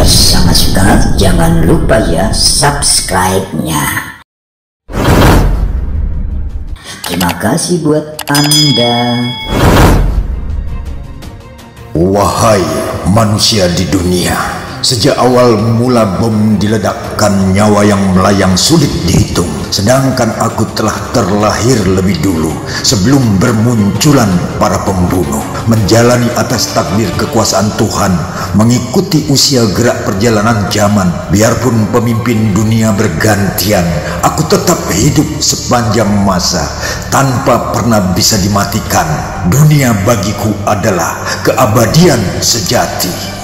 Sama sangat suka. jangan lupa ya subscribe-nya. Terima kasih buat Anda. Wahai manusia di dunia, sejak awal mula bom diledakkan nyawa yang melayang sulit dihitung. Sedangkan aku telah terlahir lebih dulu sebelum bermunculan para pembunuh, menjalani atas takdir kekuasaan Tuhan, mengikuti usia gerak perjalanan zaman. Biarpun pemimpin dunia bergantian, aku tetap hidup sepanjang masa tanpa pernah bisa dimatikan. Dunia bagiku adalah keabadian sejati.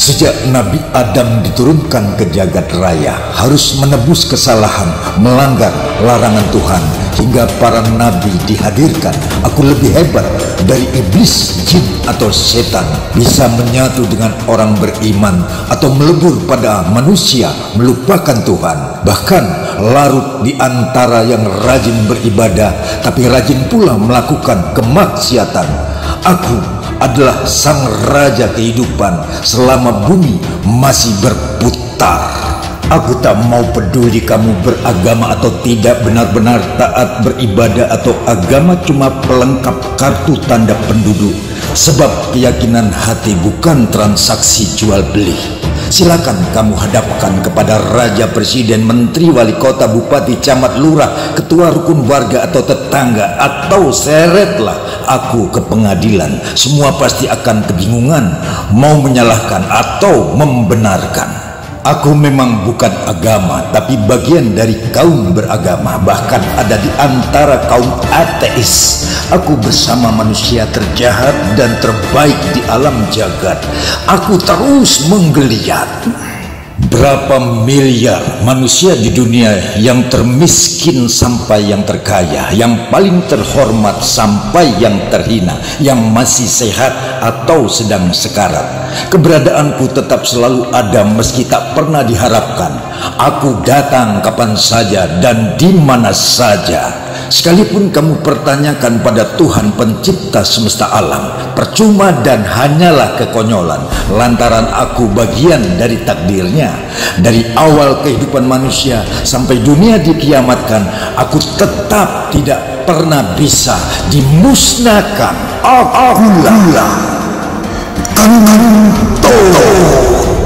Sejak Nabi Adam diturunkan ke jagat raya, harus menebus kesalahan, melanggar larangan Tuhan, hingga para nabi dihadirkan. Aku lebih hebat dari iblis, jin, atau setan, bisa menyatu dengan orang beriman atau melebur pada manusia, melupakan Tuhan, bahkan larut di antara yang rajin beribadah, tapi rajin pula melakukan kemaksiatan. Aku adalah sang raja kehidupan selama bumi masih berputar. Aku tak mau peduli kamu beragama atau tidak benar-benar taat beribadah atau agama cuma pelengkap kartu tanda penduduk. Sebab keyakinan hati bukan transaksi jual beli. Silakan kamu hadapkan kepada raja, presiden, menteri, wali kota, bupati, camat, lurah, ketua rukun warga atau tetangga atau seretlah aku ke pengadilan, semua pasti akan kebingungan mau menyalahkan atau membenarkan. Aku memang bukan agama, tapi bagian dari kaum beragama, bahkan ada di antara kaum ateis. Aku bersama manusia terjahat dan terbaik di alam jagat. Aku terus menggeliat berapa miliar manusia di dunia yang termiskin sampai yang terkaya, yang paling terhormat sampai yang terhina, yang masih sehat atau sedang sekarat. Keberadaanku tetap selalu ada meski tak pernah diharapkan. Aku datang kapan saja dan di mana saja. Sekalipun kamu pertanyakan pada Tuhan pencipta semesta alam, percuma dan hanyalah kekonyolan lantaran aku bagian dari takdirnya. Dari awal kehidupan manusia sampai dunia dikiamatkan, aku tetap tidak pernah bisa dimusnahkan. Agula. Todo.